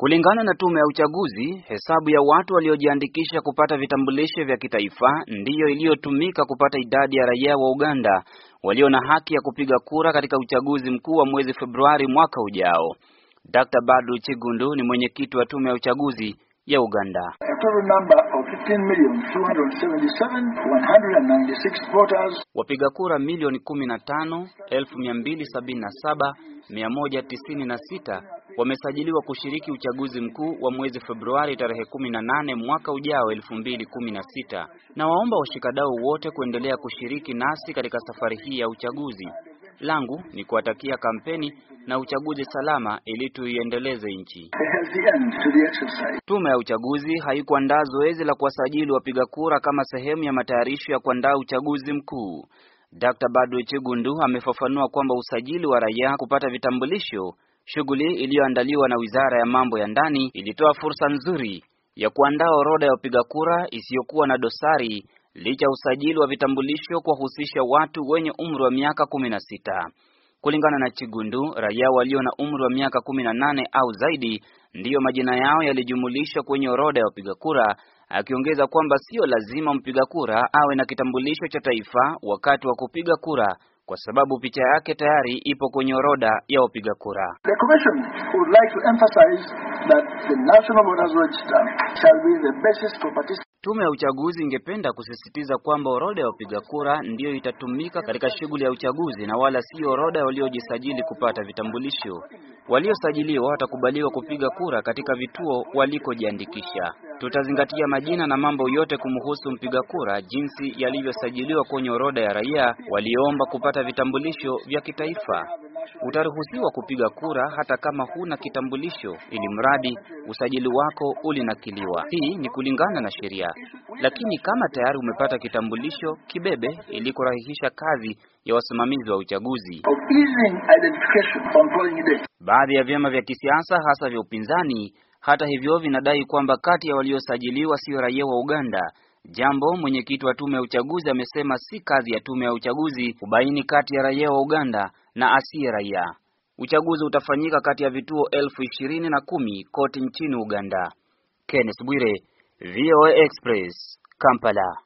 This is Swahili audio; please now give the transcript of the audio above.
Kulingana na tume ya uchaguzi, hesabu ya watu waliojiandikisha kupata vitambulisho vya kitaifa ndiyo iliyotumika kupata idadi ya raia wa Uganda walio na haki ya kupiga kura katika uchaguzi mkuu wa mwezi Februari mwaka ujao. Dr. Badu Chigundu ni mwenyekiti wa tume ya uchaguzi ya Uganda. Wapiga kura milioni 15,277,196 wamesajiliwa kushiriki uchaguzi mkuu wa mwezi Februari tarehe 18 mwaka ujao 2016, na waomba washikadau wote kuendelea kushiriki nasi katika safari hii ya uchaguzi langu ni kuwatakia kampeni na uchaguzi salama ili tuiendeleze nchi. Tume ya uchaguzi haikuandaa zoezi la kuwasajili wapiga kura kama sehemu ya matayarisho ya kuandaa uchaguzi mkuu. Dr. Badwe Chigundu amefafanua kwamba usajili wa raia kupata vitambulisho, shughuli iliyoandaliwa na Wizara ya Mambo ya Ndani, ilitoa fursa nzuri ya kuandaa orodha ya wapiga kura isiyokuwa na dosari licha ya usajili wa vitambulisho kuwahusisha watu wenye umri wa miaka 16. Kulingana na Chigundu, raia walio na umri wa miaka 18 au zaidi ndiyo majina yao yalijumulishwa kwenye orodha ya wapiga kura, akiongeza kwamba sio lazima mpiga kura awe na kitambulisho cha taifa wakati wa kupiga kura kwa sababu picha yake tayari ipo kwenye orodha ya wapiga kura. The commission would like to emphasize that the national voters register shall be the basis for participation Tume ya uchaguzi ingependa kusisitiza kwamba orodha ya wapiga kura ndiyo itatumika katika shughuli ya uchaguzi na wala sio orodha waliojisajili kupata vitambulisho. Waliosajiliwa watakubaliwa kupiga kura katika vituo walikojiandikisha. Tutazingatia majina na mambo yote kumhusu mpiga kura, jinsi yalivyosajiliwa kwenye orodha ya raia walioomba kupata vitambulisho vya kitaifa utaruhusiwa kupiga kura hata kama huna kitambulisho, ili mradi usajili wako ulinakiliwa. Hii ni kulingana na sheria, lakini kama tayari umepata kitambulisho, kibebe ili kurahisisha kazi ya wasimamizi wa uchaguzi. Baadhi ya vyama vya kisiasa hasa vya upinzani, hata hivyo, vinadai kwamba kati ya waliosajiliwa sio raia wa Uganda Jambo mwenyekiti wa tume ya uchaguzi amesema si kazi ya tume ya uchaguzi kubaini kati ya raia wa Uganda na asiye raia. Uchaguzi utafanyika kati ya vituo elfu ishirini na kumi kote nchini Uganda. Kenneth Bwire, VOA Express, Kampala.